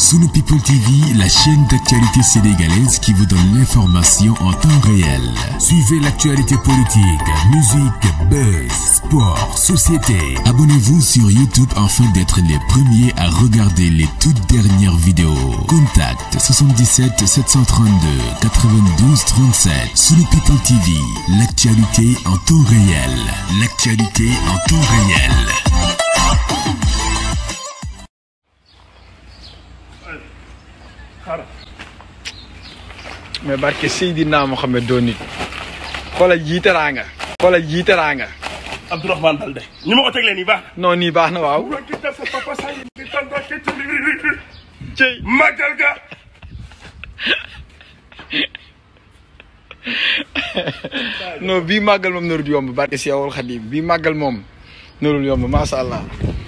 Sunu People TV, la chaîne d'actualité sénégalaise qui vous donne l'information en temps réel. Suivez l'actualité politique, musique, buzz, sport, société. Abonnez-vous sur YouTube afin d'être les premiers à regarder les toutes dernières vidéos. Contact 77 732 92 37. Sunu People TV, l'actualité en temps réel. L'actualité en temps réel. xaaral mais barke Seydina Mohamed doo nit xoolal jii teraanga xoolal jii teraanga Abdourahmane Baldé ni ma ko teglee nii baax na non nii baax na waaw cey magal ga non bii màggal moom narul yomb barke si yowul xadim bii màggal moom narul yomb macha allah